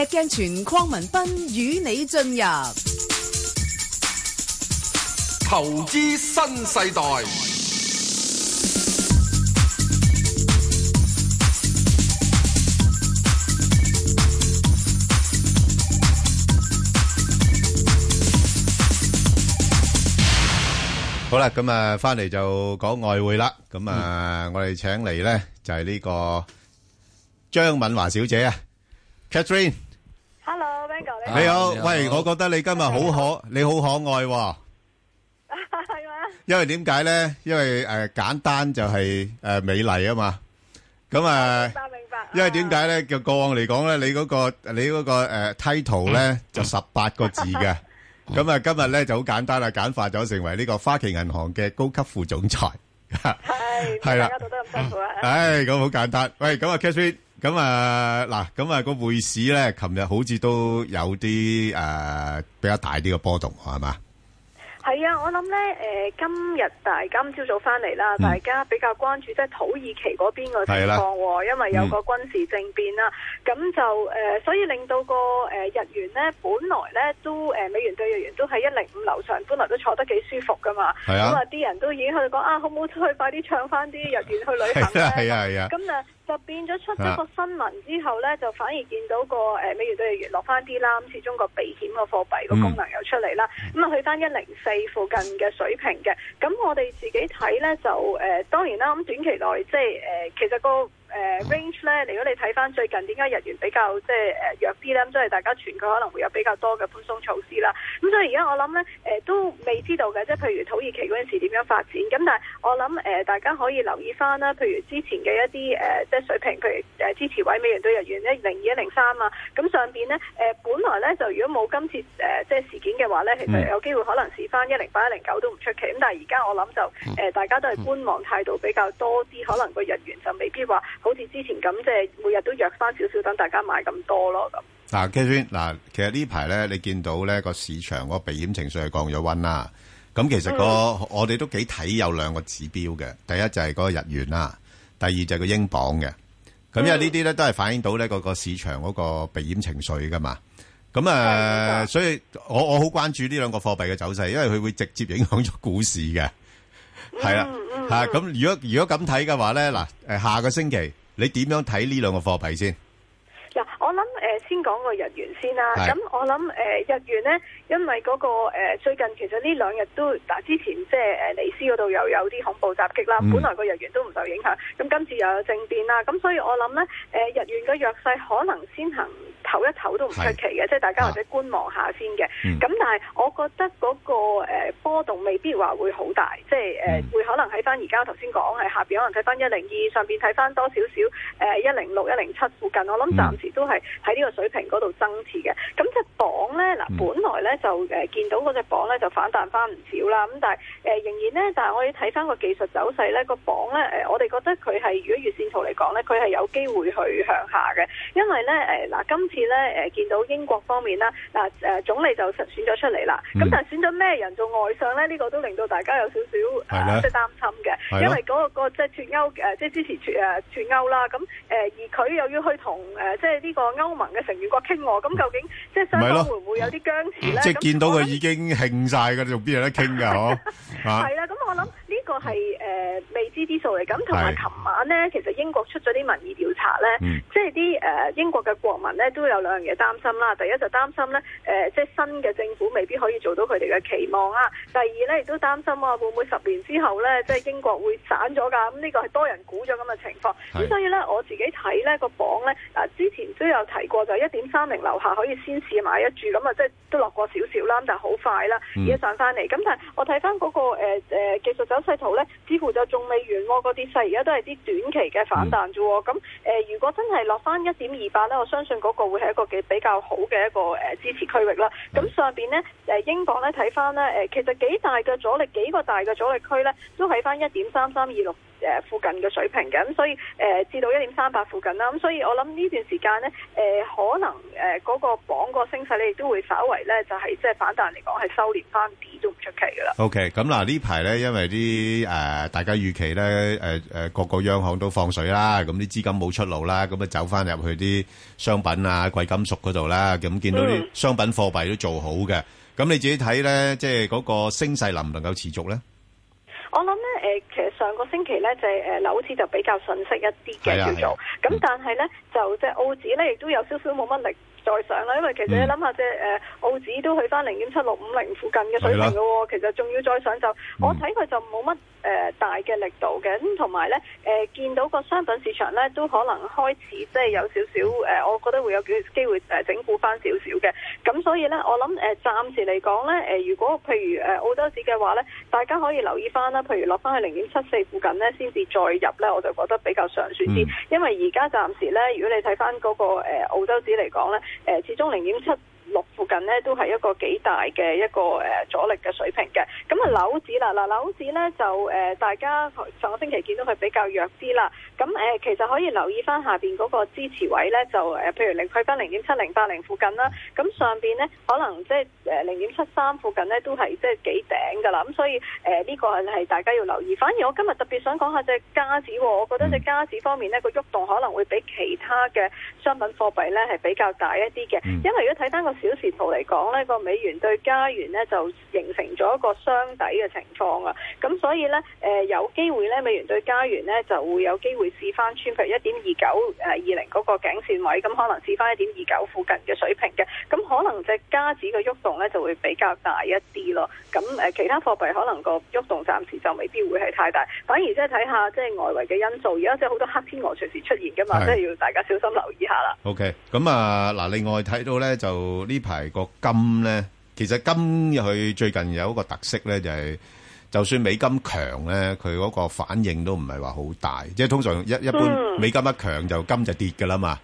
石鏡泉鄺文斌與你進入投資新世代。好啦，咁啊，翻嚟就講外匯啦。咁啊，我哋請嚟咧就係呢個張敏華小姐啊，Catherine。你好，喂！我覺得你今日好可，你好可愛。係嘛？因為點解咧？因為誒，簡單就係誒美麗啊嘛。咁啊，明白明白。因為點解咧？就過往嚟講咧，你嗰個你嗰個誒 title 咧就十八個字嘅。咁啊，今日咧就好簡單啦，簡化咗成為呢個花旗銀行嘅高級副總裁。係係啦，大家都咁辛苦啊！唉，咁好簡單。喂，咁啊，Catherine。咁啊，嗱，咁啊，那個匯市咧，琴日好似都有啲誒、呃、比較大啲嘅波動，係嘛？係啊，我諗咧，誒、呃，今日大今朝早翻嚟啦，大家比較關注即係、就是、土耳其嗰邊個情況、啊哦，因為有個軍事政變啦，咁、嗯、就誒、呃，所以令到個誒、呃、日元咧，本來咧都誒、呃、美元對日元都係一零五樓上，本來都坐得幾舒服噶嘛。係啊。咁啊，啲人都已經去講講啊，好唔好出去快啲唱翻啲日元去旅行係 啊，係啊。咁啊。就變咗出咗個新聞之後咧，就反而見到個誒咩、呃、美元都要越落翻啲啦，咁始終個避險個貨幣個功能又出嚟啦，咁、嗯、啊、嗯、去翻一零四附近嘅水平嘅，咁我哋自己睇咧就誒、呃、當然啦，咁短期內即係誒、呃、其實、那個。Uh, Range 咧，如果你睇翻最近點解日元比較即係、就是呃、弱啲啦咁都係大家傳佢可能會有比較多嘅寬鬆措施啦。咁所以而家我諗咧、呃，都未知道嘅，即係譬如土耳其嗰陣時點樣發展。咁但係我諗、呃、大家可以留意翻啦。譬如之前嘅一啲、呃、即係水平，譬如支持位美元對日元一零二一零三啊。咁上面咧、呃、本來咧就如果冇今次、呃、即係事件嘅話咧，其實有機會可能試翻一零八一零九都唔出奇。咁但係而家我諗就、呃、大家都係觀望態度比較多啲，可能個日元就未必話。好似之前咁，即係每日都約翻少少，等大家買咁多咯。咁。嗱，K 嗱，其實呢排咧，你見到咧個市場個避險情緒係降咗溫啦。咁其實，那個、嗯、我哋都幾睇有兩個指標嘅，第一就係嗰個日元啦，第二就係個英鎊嘅。咁因為呢啲咧都係反映到咧個個市場嗰個避險情緒噶嘛。咁，嗯、誒，所以我我好關注呢兩個貨幣嘅走勢，因為佢會直接影響咗股市嘅。係，嗯，啦。吓、嗯、咁如果如果咁睇嘅話咧，嗱，誒下個星期你點樣睇呢兩個貨幣先？嗱、嗯，我諗誒、呃、先講個日元先啦，咁我諗誒、呃、日元咧。因為嗰、那個、呃、最近其實呢兩日都嗱、啊、之前即係誒尼斯嗰度又有啲恐怖襲擊啦，嗯、本來個日元都唔受影響，咁今次又有政變啦，咁所以我諗咧誒日元嘅弱勢可能先行唞一唞都唔出奇嘅，即係大家或者觀望下先嘅。咁、啊嗯、但係我覺得嗰、那個、呃、波動未必話會好大，即係誒、呃嗯、會可能喺翻而家頭先講喺下面，可能睇翻一零二上面，睇翻多少少誒一零六一零七附近，我諗暫時都係喺呢個水平嗰度增持嘅。咁、那、只、個、綁咧嗱、呃，本來咧。嗯就誒、呃、見到嗰隻榜咧就反彈翻唔少啦，咁但係誒、呃、仍然咧，但係我要睇翻個技術走勢咧，個榜咧誒，我哋覺得佢係如果月線圖嚟講咧，佢係有機會去向下嘅，因為咧誒嗱今次咧誒、呃、見到英國方面啦，嗱、呃、誒總理就實選咗出嚟啦，咁、嗯、但係選咗咩人做外相咧？呢、呢個都令到大家有少少即係擔心嘅，因為嗰、嗰個即係脱歐誒，即、呃、係支持脱誒脱歐啦，咁、呃、誒、呃呃、而佢又要去同誒即係呢個歐盟嘅成員國傾和，咁究竟即係、就是、雙方會唔會有啲僵持咧？ 即係見到佢已經興晒，佢仲邊有得傾噶嗬啊！係 咁、 啊啊、我諗。這個係誒、呃、未知之數嚟，咁同埋琴晚咧，其實英國出咗啲民意調查咧、嗯，即係啲誒英國嘅國民咧都有兩樣嘢擔心啦。第一就擔心咧、誒、呃、即係新嘅政府未必可以做到佢哋嘅期望啊。第二咧亦都擔心啊，會唔會十年之後咧，即係英國會散咗噶。咁、這、呢個係多人估咗咁嘅情況。咁、嗯、所以咧，我自己睇咧、這個榜咧，嗱之前都有提過，就一點三零樓下可以先試買一注咁啊，即係都落過少少啦，但係好快啦已上翻嚟。咁、嗯、但係我睇翻嗰個誒誒、呃呃、技術走勢。圖咧，似乎就仲未完嗰啲，而家都係啲短期嘅反彈啫。咁，誒、呃，如果真係落翻一點二八咧，我相信嗰個會係一個幾比較好嘅一個誒支持區域啦。咁上邊咧，誒，英鎊咧睇翻咧，誒，其實幾大嘅阻力，幾個大嘅阻力區咧，都喺翻一點三三二六。誒附近嘅水平嘅，咁，所以誒至到一點三八附近啦。咁所以我諗呢段時間咧，誒可能誒嗰個榜個升勢咧亦都會稍微咧就係即係反彈嚟講係收斂翻啲都唔出奇噶啦。OK，咁嗱呢排咧，因為啲誒大家預期咧，誒誒各個央行都放水啦，咁啲資金冇出路啦，咁啊走翻入去啲商品啊、貴金屬嗰度啦，咁見到啲商品貨幣都做好嘅，咁你自己睇咧，即係嗰個升勢能唔能夠持續咧？我諗咧，誒其實。上個星期咧就誒、是、樓、呃、就比較遜色一啲嘅叫做，咁但係咧、嗯、就即係澳紙咧亦都有少少冇乜力再上啦，因為其實你諗下即係誒澳紙都去返零點七六五零附近嘅水平嘅喎、哦，其實仲要再上就、嗯、我睇佢就冇乜。誒、呃、大嘅力度嘅咁，同埋咧誒見到個商品市場咧，都可能開始即係有少少誒、呃，我覺得會有機會、呃、整固翻少少嘅。咁所以咧，我諗、呃、暫時嚟講咧，如果譬如誒、呃、澳洲指嘅話咧，大家可以留意翻啦，譬如落翻去零點七四附近咧，先至再入咧，我就覺得比較尚算啲。嗯、因為而家暫時咧，如果你睇翻嗰個、呃、澳洲指嚟講咧，誒、呃、始終零點七六近咧都係一個幾大嘅一個誒阻力嘅水平嘅，咁啊樓子啦，嗱樓子咧就誒，大家上個星期見到佢比較弱啲啦。咁、嗯、誒，其實可以留意翻下，下面嗰個支持位咧，就譬如你去翻零點七零八零附近啦。咁上面咧，可能即係誒零點七三附近咧，都係即係幾頂㗎啦。咁所以呢、呃呢個係大家要留意。反而我今日特別想講下隻加紙，我覺得隻加紙方面咧，個喐動，動可能會比其他嘅商品貨幣咧係比較大一啲嘅。因為如果睇翻個小時圖嚟講咧，個美元對加元咧就形成咗一個雙底嘅情況啊。咁所以咧、呃，有機會咧，美元對加元咧就會有機會。試翻穿譬如一點二九誒二零嗰個頸線位，咁可能試翻一點二九附近嘅水平嘅，咁可能隻加紙嘅喐動咧就會比較大一啲咯。咁誒，其他貨幣可能個喐動，動暫時就未必會係太大，反而即係睇下即係外圍嘅因素。而家即係好多黑天鵝隨時出現噶嘛，即係要大家小心留意下啦。OK，咁啊嗱，另外睇到咧就呢排個金咧，其實金佢最近有一個特色咧就係、是。就算美金強咧，佢嗰個反應都唔係話好大，即係通常一一般美金一強就、嗯、金就跌㗎啦嘛。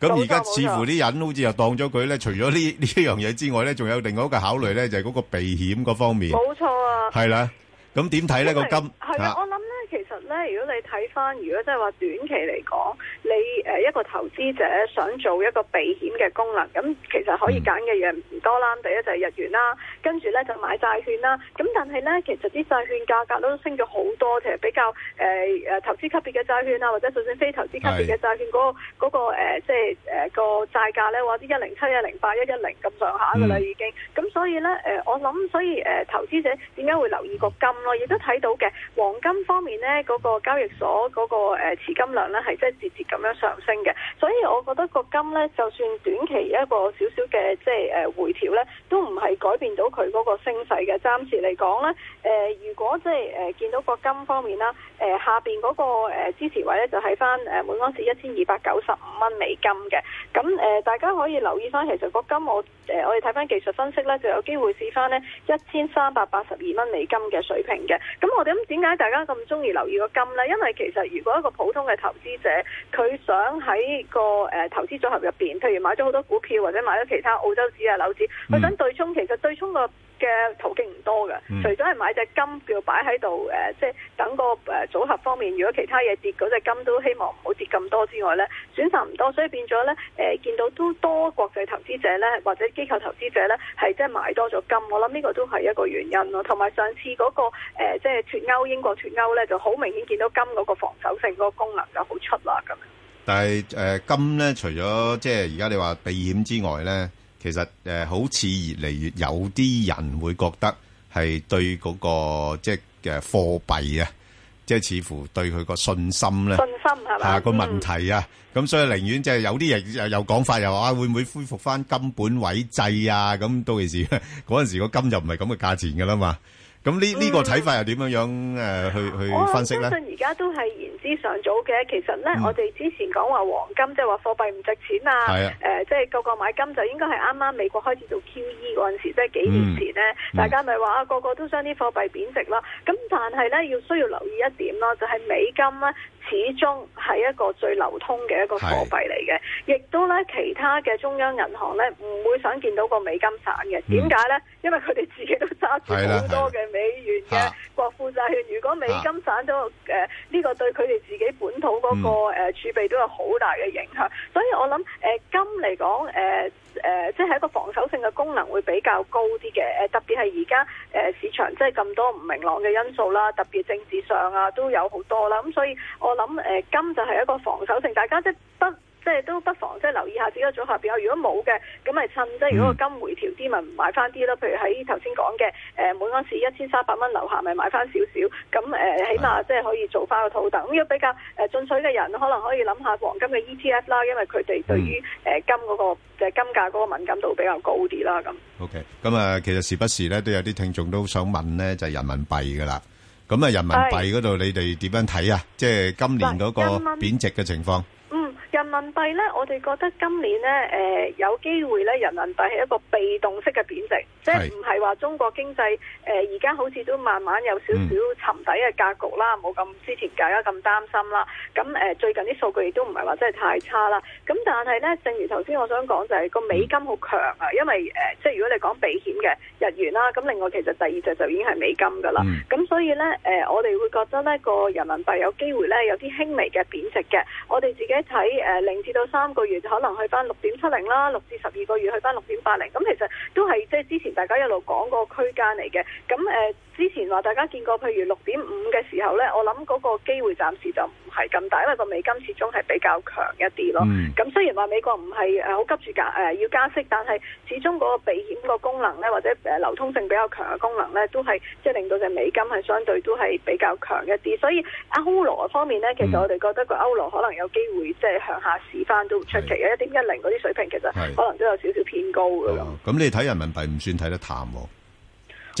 咁而家似乎啲人好似又當咗佢咧，除咗呢呢一樣嘢之外咧，仲有另外一個考慮咧，就係嗰個避險嗰方面。冇錯啊。係啦，咁點睇咧個金？係啊，我諗咧，其實咧，如果你睇翻，如果即係話短期嚟講。你誒一個投資者想做一個避險嘅功能，咁其實可以揀嘅嘢唔多啦。第一就係日元啦，跟住咧就買債券啦。咁但係咧，其實啲債券價格都升咗好多，其實比較誒、呃、投資級別嘅債券啊，或者首先非投資級別嘅債券，嗰、嗰個嗰即係誒個債價咧，或者一零七、一零八、一一零咁上下㗎啦，已經。咁、嗯、所以咧我諗所以誒、呃、投資者點解會留意個金咯？亦都睇到嘅黃金方面咧，嗰、嗰個交易所嗰、嗰個、呃、持金量咧係即係節節咁。咁樣上升嘅，所以我覺得個金呢，就算短期一個少少嘅即係誒回調呢，都唔係改變到佢嗰個升勢嘅。暫時嚟講呢，誒、呃，如果即係誒見到個金方面啦，誒、呃、下邊嗰個誒支持位呢，就喺翻誒每安士一千二百九十五蚊美金嘅。咁誒、呃，大家可以留意翻，其實個金我誒、呃、我哋睇翻技術分析呢，就有機會試翻呢一千三百八十二蚊美金嘅水平嘅。咁我哋點解大家咁中意留意個金呢？因為其實如果一個普通嘅投資者。佢想喺個誒投資組合入邊，譬如買咗好多股票，或者買咗其他澳洲紙啊、樓市，佢、嗯、想對沖。其實對沖個嘅途徑唔多嘅、嗯，除咗係買隻金要擺喺度，誒，即、呃、係、就是，等個誒組合方面，如果其他嘢跌，嗰隻金都希望唔好跌咁多之外呢，選擇唔多，所以變咗呢，誒、呃、見到都多國際投資者呢，或者機構投資者呢，係即係買多咗金。我諗呢個都係一個原因咯。同埋上次嗰、那個誒即係脫歐，英國脫歐呢，就好明顯見到金嗰個防守性嗰個功能就好出啦咁。但係誒金咧，除咗即係而家你話避險之外咧，其實誒好似越嚟越有啲人會覺得係對嗰個即係誒貨幣啊，即係似乎對佢個信心咧，信心係嘛個問題啊？咁所以寧願即係有啲人又有講法，又話啊會唔會恢復翻金本位制啊？咁到時嗰陣時個金就唔係咁嘅價錢噶啦嘛。咁呢呢個睇法又點樣樣誒去去分析咧？相信而家都係。之上早嘅，其實咧、嗯，我哋之前講話黃金，即係話貨幣唔值錢啊，即係、啊呃就是、個個買金就應該係啱啱美國開始做 QE 嗰陣時，即、就、係、是、幾年前咧、嗯嗯，大家咪話啊，個個都將啲貨幣貶值啦、啊。咁但係咧，要需要留意一點咯，就係、是、美金咧、啊。始終係一個最流通嘅一個貨幣嚟嘅，亦都咧其他嘅中央銀行咧唔會想見到個美金散嘅，點解咧？因為佢哋自己都揸住好多嘅美元嘅國庫債券、啊，如果美金散咗，誒、呃、呢、這個對佢哋自己本土嗰、那個誒、嗯呃、儲備都有好大嘅影響，所以我諗誒、呃、金嚟講誒。呃誒，即係一個防守性嘅功能會比較高啲嘅，誒，特別係而家誒市場即係咁多唔明朗嘅因素啦，特別政治上啊都有好多啦，咁所以我諗誒金就係一個防守性，大家即係不。即係都不妨即係留意下自己組合表。如果冇嘅，咁咪趁即係如果金回調啲，咪、嗯、買翻啲咯。譬如喺頭先講嘅，每安士一千三百蚊樓下，咪買翻少少。咁、呃、起碼是即係可以做翻個套。咁如果比較誒進取嘅人，可能可以諗下黃金嘅 ETF 啦，因為佢哋對於金嗰、那個、嗯、金價嗰敏感度比較高啲啦。咁。O K. 咁啊，其實時不時咧都有啲聽眾都想問咧，就係、是、人民幣㗎啦。咁啊，人民幣嗰度你哋點樣睇啊？即係今年嗰個貶值嘅情況。人民幣咧，我哋覺得今年咧，誒、呃、有機會咧，人民幣係一個被動式嘅貶值，即係唔係話中國經濟誒而家好似都慢慢有少少沉底嘅格局啦，冇、嗯、咁之前大家咁擔心啦。咁、呃、最近啲數據亦都唔係話真係太差啦。咁但係咧，正如頭先我想講、就是，就係個美金好強啊，因為、呃、即如果你講避險嘅日元啦，咁另外其實第二隻就已經係美金噶啦。咁、嗯、所以咧，誒、呃、我哋會覺得咧個人民幣有機會咧有啲輕微嘅貶值嘅。我哋自己睇誒。呃零至到三個月就可能去翻六點七零啦，六至十二個月去翻六點八零。咁其實都係即係之前大家一路講個區間嚟嘅。咁誒、呃，之前話大家見過，譬如六點五嘅時候呢，我諗嗰個機會暫時就唔係咁大，因為個美金始終係比較強一啲咯。咁、mm. 雖然話美國唔係好急住加、呃、要加息，但係始終嗰個避險個功能呢，或者流通性比較強嘅功能呢，都係即係令到隻美金係相對都係比較強一啲。所以歐羅方面呢，mm. 其實我哋覺得個歐羅可能有機會即係向下市翻都出奇啊，一點一零嗰啲水平，其實可能都有少少偏高噶。咁。咁你睇人民幣唔算睇得淡。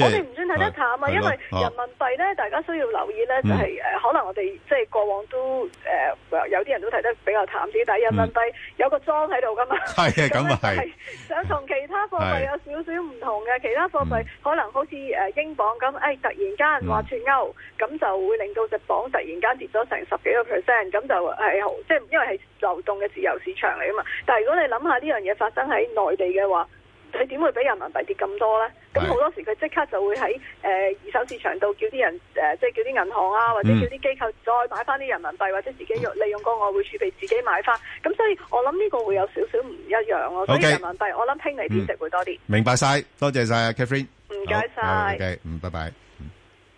就是、我哋唔算睇得淡啊，因為人民幣咧、啊，大家需要留意咧、嗯，就係、是呃、可能我哋即係過往都誒、呃、有啲人都睇得比較淡啲，但係人民幣有個莊喺度噶嘛，係咁啊係，想、嗯、同、嗯就是嗯、其他貨幣有少少唔同嘅、嗯，其他貨幣、嗯、可能好似誒英鎊咁，誒、哎、突然間話脫歐，咁、嗯、就會令到隻鎊突然間跌咗成十幾個 percent，咁就係好即係因為係流動嘅自由市場嚟噶嘛，但係如果你諗下呢樣嘢發生喺內地嘅話。佢點會俾人民幣跌咁多呢？咁好多時佢即刻就會喺、呃、二手市場度叫啲人即係、呃、叫啲銀行啊，或者叫啲機構再擺翻啲人民幣、嗯，或者自己用利用個外匯儲備自己買翻。咁所以我諗呢個會有少少唔一樣咯。Okay，所以人民幣我諗聽嚟升值會多啲、嗯。明白晒，多謝晒 Kathy 唔該曬，嗯，好好 okay，拜拜。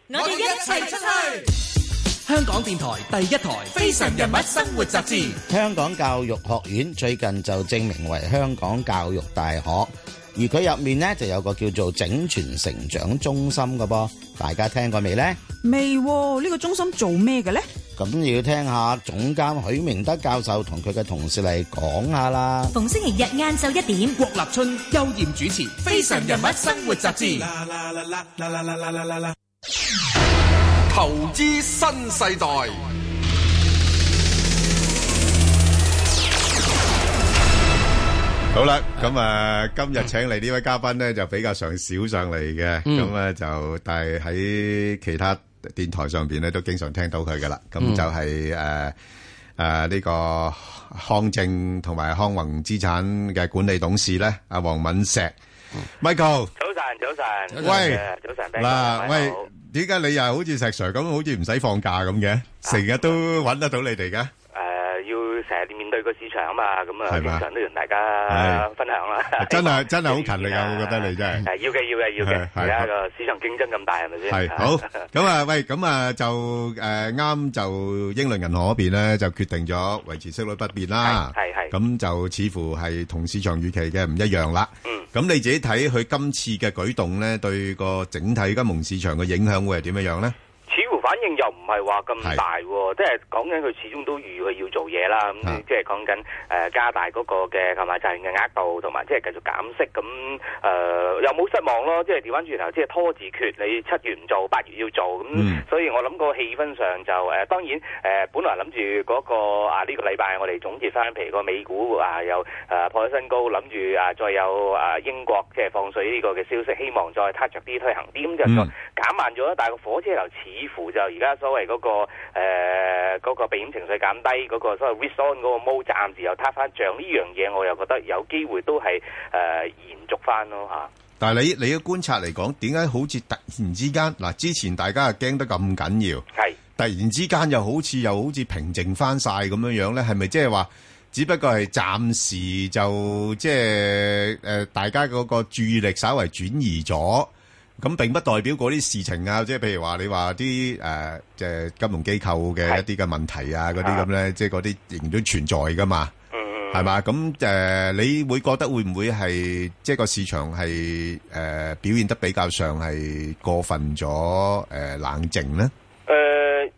我哋一齊出去。香港電台第一台《非常人物生活雜誌》。香港教育學院最近就正名為香港教育大學。而佢入面咧就有個叫做整全成長中心嘅噃，大家聽過未咧？未呢個中心做咩嘅咧？咁要聽下總監許明德教授同佢嘅同事嚟講下啦。逢星期日晏晝一點，郭立春、邱艷主持《非常人物生活雜誌》。啦啦啦啦啦啦啦啦啦啦！投資新世代。好啦，咁啊，今日請嚟呢位嘉賓咧就比較常少上嚟嘅，咁、嗯、啊就但係喺其他電台上邊咧都經常聽到佢噶啦，咁、嗯、就係誒誒呢個康證同埋康宏資產嘅管理董事咧，阿黃敏碩、嗯、，Michael，早晨，早晨，喂，早晨，嗱，喂，點解你又好似石 Sir 咁，好似唔使放假咁嘅，成、啊、日都揾得到你哋嘅？成日面對個市場啊嘛，咁啊，經常都要同大家分享啦。真係真係好勤力啊！我覺得你真係。係要嘅，要嘅，要嘅。而家個市場競爭咁大，係咪先？係好。咁啊，喂，咁啊就誒啱就英倫銀行嗰邊咧，就決定咗維持息率不變啦。係係。咁就似乎係同市場預期嘅唔一樣啦。嗯。咁你自己睇佢今次嘅舉動咧，對個整體金融市場嘅影響會係點樣樣咧？反應又唔係話咁大喎、哦，即係講緊佢始終都預佢要做嘢啦，咁、啊、即係講緊誒加大嗰個嘅購買債券嘅額度，同埋即係繼續減息咁誒、嗯呃，又冇失望咯，即係調翻轉頭，即係拖字訣，你七月唔做，八月要做咁、嗯嗯，所以我諗個氣氛上就誒、呃、當然誒、呃，本來諗住嗰個啊呢、這個禮拜我哋總結翻，譬如個美股啊又誒、啊、破咗新高，諗住啊再有啊英國即係放水呢個嘅消息，希望再拖着啲推行啲，咁、嗯嗯、就減慢咗，但係個火車頭似乎。就而家所謂嗰、那個誒嗰、呃那個避險情緒減低，嗰、那個所謂 risk on 嗰個 move 暫時又塌翻漲呢樣嘢，我又覺得有機會都係誒、呃、延續翻咯嚇。但係你你嘅觀察嚟講，點解好似突然之間嗱、啊，之前大家係驚得咁緊要，係突然之間又好似又好似平靜翻晒咁樣樣咧？係咪即係話只不過係暫時就即係誒大家嗰個注意力稍為轉移咗？咁並不代表嗰啲事情啊，即係譬如話你話啲誒，即係金融機構嘅一啲嘅問題啊，嗰啲咁咧，即係嗰啲仍然都存在㗎嘛，係嘛？咁誒，你會覺得會唔會係即係個市場係誒表現得比較上係過分咗誒冷靜咧？誒。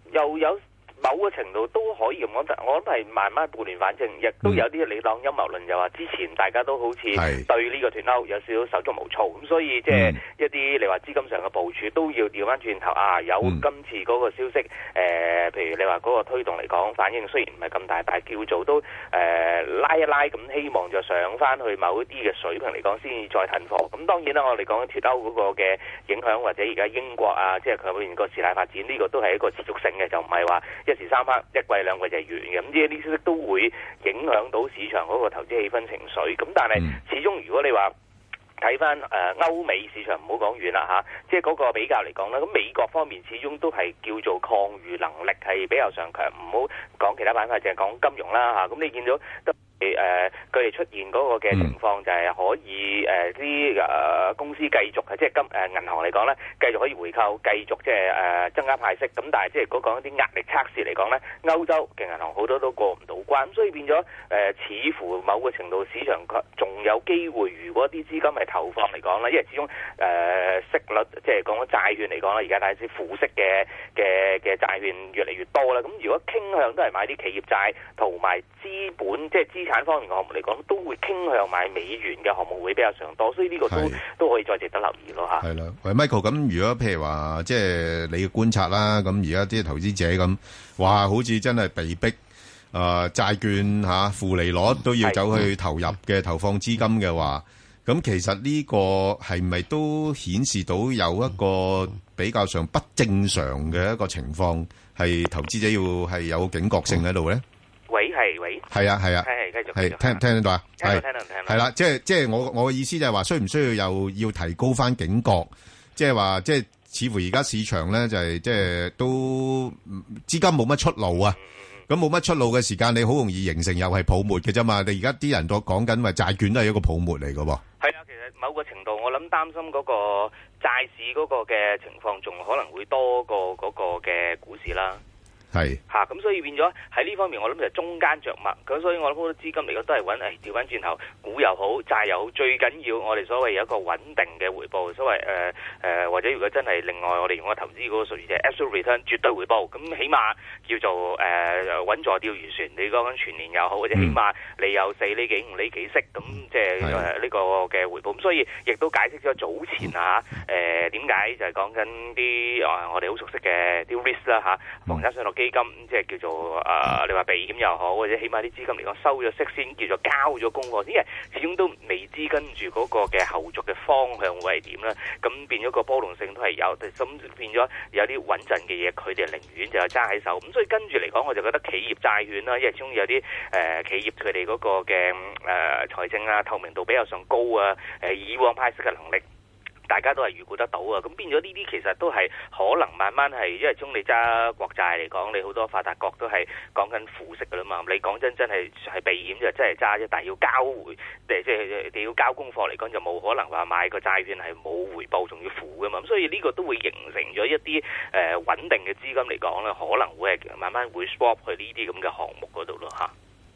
好嘅程度都可以咁講，我諗係慢慢半年，反正亦都有啲理論、嗯、陰謀論，又話之前大家都好似對呢個脫歐有少少手足無措，咁所以即係、嗯、一啲你話資金上嘅部署都要調翻轉頭啊！有今次嗰個消息，誒、呃，譬如你話嗰個推動嚟講，反應雖然唔係咁大，但係叫做都誒、呃、拉一拉咁，希望就上翻去某一啲嘅水平嚟講，先至再囤貨。咁當然啦，我哋講脫歐嗰個嘅影響，或者而家英國啊，即係佢個事態發展，呢、這個都係一個持續性嘅，就唔係話一三一季兩季就遠嘅，咁啲消息都會影響到市場嗰個投資氣氛情緒。咁但係始終如果你話睇翻誒歐美市場，唔好講遠啦吓、啊，即係嗰個比較嚟講啦，咁美國方面始終都係叫做抗禦能力係比較上強。唔好講其他板塊，淨係講金融啦吓。咁、啊啊、你見到。誒，佢哋出現嗰個嘅情況就係可以誒啲誒公司繼續啊，即係今誒銀行嚟講咧，繼續可以回購，繼續即係誒增加派息。咁但係即係嗰個一啲壓力測試嚟講咧，歐洲嘅銀行好多都過唔到關，所以變咗誒、呃，似乎某個程度市場仲有機會。如果啲資金係投放嚟講咧，因為始終誒、呃、息率即係講緊債券嚟講咧，而家大下啲負息嘅嘅嘅債券越嚟越多啦。咁如果傾向都係買啲企業債同埋資本，即係資產，等方面嘅項目嚟講，都會傾向買美元嘅項目會比較常多，所以呢個都都可以再值得留意咯嚇。係啦，喂 Michael，咁如果譬如話，即係你嘅觀察啦，咁而家啲投資者咁，哇、呃，好似真係被逼啊債券嚇負、啊、利率都要走去投入嘅投放資金嘅話，咁其實呢個係咪都顯示到有一個比較上不正常嘅一個情況，係投資者要係有警覺性喺度咧？嗯係，係啊，係啊，係，繼續，聽，聽唔聽得到啊？係，聽到，聽到，係啦，即係，即係，我，我嘅意思就係話，需唔需要又要提高翻警覺？即係話，即係似乎而家市場咧就係、是，即係都資金冇乜出路啊！咁冇乜出路嘅時間，你好容易形成又係泡沫嘅啫嘛。你而家啲人都講緊話，債券都係一個泡沫嚟㗎噃。係啊，其實某個程度，我諗擔心嗰個債市嗰個嘅情況，仲可能會多過嗰個嘅股市啦。係，咁、啊、所以變咗喺呢方面，我諗就係中間著墨。咁所以我諗好多資金嚟講都係揾，誒調翻轉頭，股又好，債又好，最緊要我哋所謂有一個穩定嘅回報。所謂誒、呃呃、或者如果真係另外我哋用個投資嗰個術語，就 absolute return 絕對回報，咁起碼叫做誒、呃、穩坐釣魚船。你講緊全年又好，或者起碼你有四釐幾、五釐幾息，咁即係呢個嘅回報。咁、mm. 所以亦都解釋咗早前啊，點、呃、解就係講緊啲我哋好熟悉嘅啲 risk 啦，房產落基金即係叫做誒、呃，你話避險又好，或者起碼啲資金嚟講收咗息先，叫做交咗功課，因為始終都未知跟住嗰個嘅後續嘅方向會係點啦。咁變咗個波動性都係有，咁變咗有啲穩陣嘅嘢，佢哋寧願就係揸喺手。咁所以跟住嚟講，我就覺得企業債券啦，因為始終有啲誒、呃、企業佢哋嗰個嘅誒財政啊透明度比較上高啊，誒、呃、以往派息嘅能力。大家都係預估得到啊，咁變咗呢啲其實都係可能慢慢係，因為中你揸國債嚟講，你好多發達國都係講緊負息噶啦嘛。你講真真係係避險就真係揸啫，但係要交回，即係你要交功課嚟講就冇可能話買個債券係冇回報，仲要負噶嘛。所以呢個都會形成咗一啲誒、呃、穩定嘅資金嚟講咧，可能會慢慢會 swap 去呢啲咁嘅項目嗰度咯。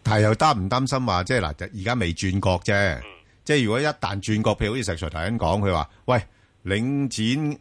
但係又擔唔擔心話即係嗱，而家未轉國啫。嗯即係如果一旦轉角，好似石才頭咁講，佢話，喂，領展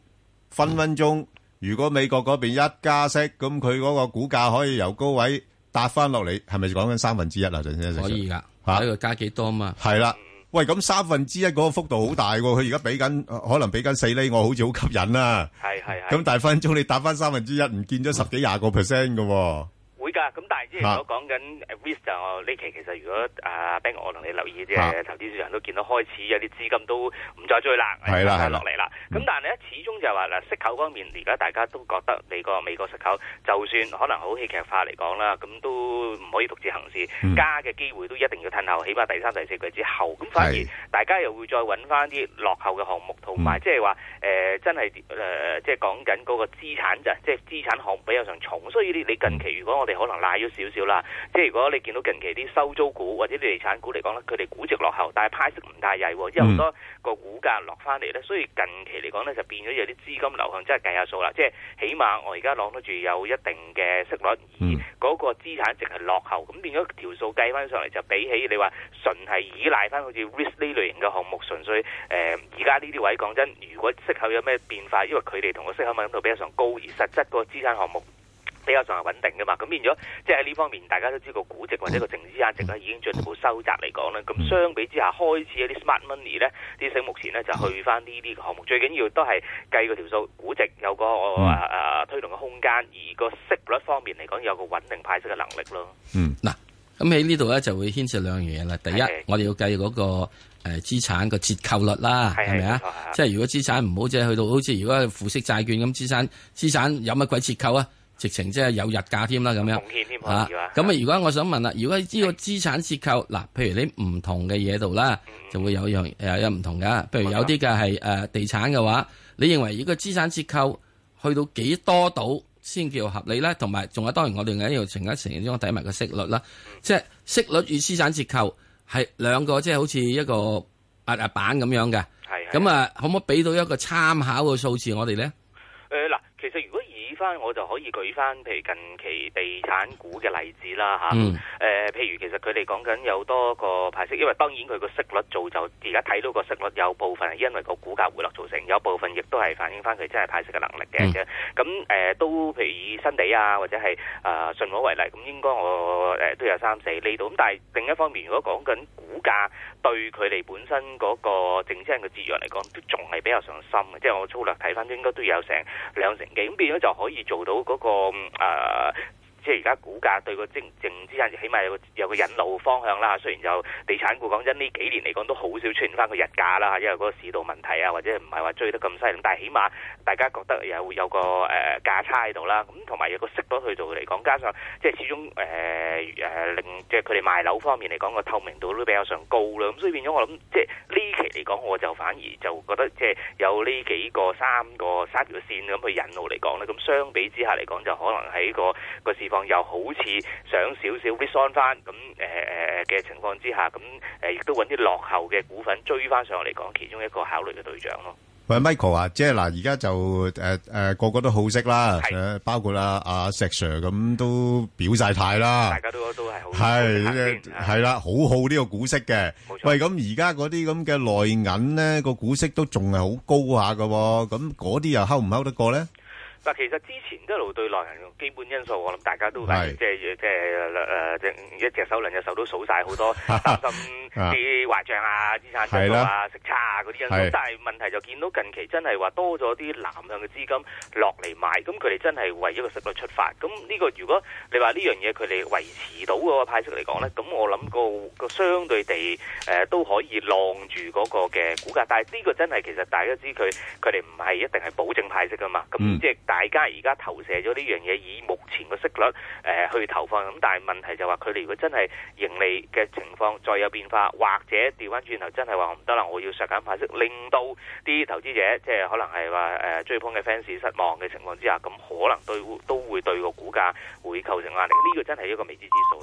分分鐘，如果美國嗰邊一加息，咁佢嗰個股價可以由高位搭翻落嚟，係咪講緊三分之一啊？陳生，可以㗎，睇佢加幾多啊嘛。係啦，喂，咁三分之一嗰個幅度好大喎，佢而家畀緊，可能畀緊四厘，我好似好吸引啦。係係係。咁但係分分鐘你搭翻三分之一，唔見咗十幾廿個 percent 㗎喎。會㗎咁。之前我講緊，Vista 呢期其實如果啊，Ben 我同你留意嘅投資市場都見到開始有啲資金都唔再追啦，係啦落嚟啦。咁但係咧始終就係話嗱，息、嗯、口方面而家大家都覺得你個美國息口就算可能好戲劇化嚟講啦，咁都唔可以獨自行事，嗯、加嘅機會都一定要褪後，起碼第三第四季之後。咁反而大家又會再揾翻啲落後嘅項目，同埋即係話誒真係誒即係講緊嗰個資產咋，即係資產項目比較上重，所以呢，你近期如果我哋可能拉。少少啦，即係如果你見到近期啲收租股或者你地產股嚟講咧，佢哋估值落後，但係派息唔太曳，因為好多個股價落翻嚟咧，所以近期嚟講咧就變咗有啲資金流向真係計下數啦。即係起碼我而家攞得住有一定嘅息率，而嗰個資產值係落後，咁變咗條數計翻上嚟就比起你話純係依賴翻好似 risk 呢類型嘅項目，純粹誒而家呢啲位講真，如果息口有咩變化，因為佢哋同個息口敏感度比較上高，而實質個資產項目。比較上係穩定噶嘛，咁變咗即係喺呢方面，大家都知個估值或者個淨資產值咧已經進一步收窄嚟講啦。咁相比之下，開始嗰啲 smart money 咧啲升，目前咧就去翻呢啲個項目。最緊要都係計個條數，估值有個誒誒、呃、推動嘅空間，而個息率方面嚟講有個穩定派息嘅能力咯。嗯，嗱，咁喺呢度咧就會牽涉兩樣嘢啦。第一，我哋要計嗰個誒資產個折扣率啦，係咪啊？即係如果資產唔好，即係去到好似如果浮息債券咁，資產資產有乜鬼折扣啊？直情即係有日價添啦，咁樣咁啊，如果我想問啦，如果呢個資產折扣嗱，譬如你唔同嘅嘢度啦，就會有樣有唔同㗎。譬如有啲嘅係地產嘅話，你認為如果資產折扣、呃、產產折扣去到幾多度先叫合理咧？同埋仲有，有當然我哋嘅又成一成日都埋個息率啦。即係、就是、息率與資產折扣係兩個即係、就是、好似一個壓壓板咁樣嘅。係咁啊，可唔可以俾到一個參考嘅數字我哋咧？嗱、呃，其實如果翻我就可以舉翻譬如近期地產股嘅例子啦嚇，誒、啊、譬、嗯呃、如其實佢哋講緊有多個派息，因為當然佢個息率造就而家睇到個息率有部分係因為個股價回落造成，有部分亦都係反映翻佢真係派息嘅能力嘅啫。咁、嗯、誒、呃、都譬如以新地啊，或者係啊信和為例，咁應該我誒、呃、都有三四厘度。咁但係另一方面，如果講緊股價，對佢哋本身嗰個淨資產嘅節約嚟講，都仲係比較上心嘅，即係我粗略睇翻都應該都有成兩成幾，咁變咗就可以做到嗰個、呃、即係而家股價對個淨淨資產起碼有個有個引路方向啦。雖然就地產股講真，呢幾年嚟講都好少出現翻個日價啦，因為嗰個市道問題啊，或者唔係話追得咁犀利，但係起碼。大家覺得有個有個誒價差喺度啦，咁同埋有個息率去做嚟講，加上即係始終誒、呃、令即係佢哋賣樓方面嚟講個透明度都比較上高啦，咁所以變咗我諗，即係呢期嚟講，我就反而就覺得即係有呢幾個三個三條線咁去引路嚟講咧，咁相比之下嚟講就可能喺個個市況又好似想少少啲翻，咁誒嘅情況之下，咁亦都搵啲落後嘅股份追翻上嚟講，其中一個考慮嘅對象咯。喂，Michael 啊，即係嗱，而家就誒誒個個都好識啦，誒包括啦阿石 Sir 咁都表晒態啦，大家都都係好係，係啦，好好呢個股息嘅。喂，咁而家嗰啲咁嘅內銀咧個股息都仲係好高下㗎，咁嗰啲又 hold 唔 hold 得過咧？嗱，其實之前一路對內銀嘅基本因素，我諗大家都係即係即係誒，一隻手兩隻手都數晒好多咁。啲壞帳啊，資產質素啊，息差啊嗰啲因素，但係問題就見到近期真係話多咗啲南向嘅資金落嚟買，咁佢哋真係為咗個息率出發，咁呢個如果你話呢樣嘢佢哋維持到嗰個派息嚟講呢，咁我諗個個相對地誒、呃、都可以浪住嗰個嘅股價，但係呢個真係其實大家知佢佢哋唔係一定係保證派息噶嘛，咁即係大家而家投射咗呢樣嘢以目前個息率誒、呃、去投放，咁但係問題就話佢哋如果真係盈利嘅情況再有變化。或者調翻轉頭真係話我唔得啦，我要削減派息，令到啲投資者即係可能係話誒追捧嘅 fans 失望嘅情況之下，咁可能對都會對個股價會構成壓力。呢個真係一個未知之數。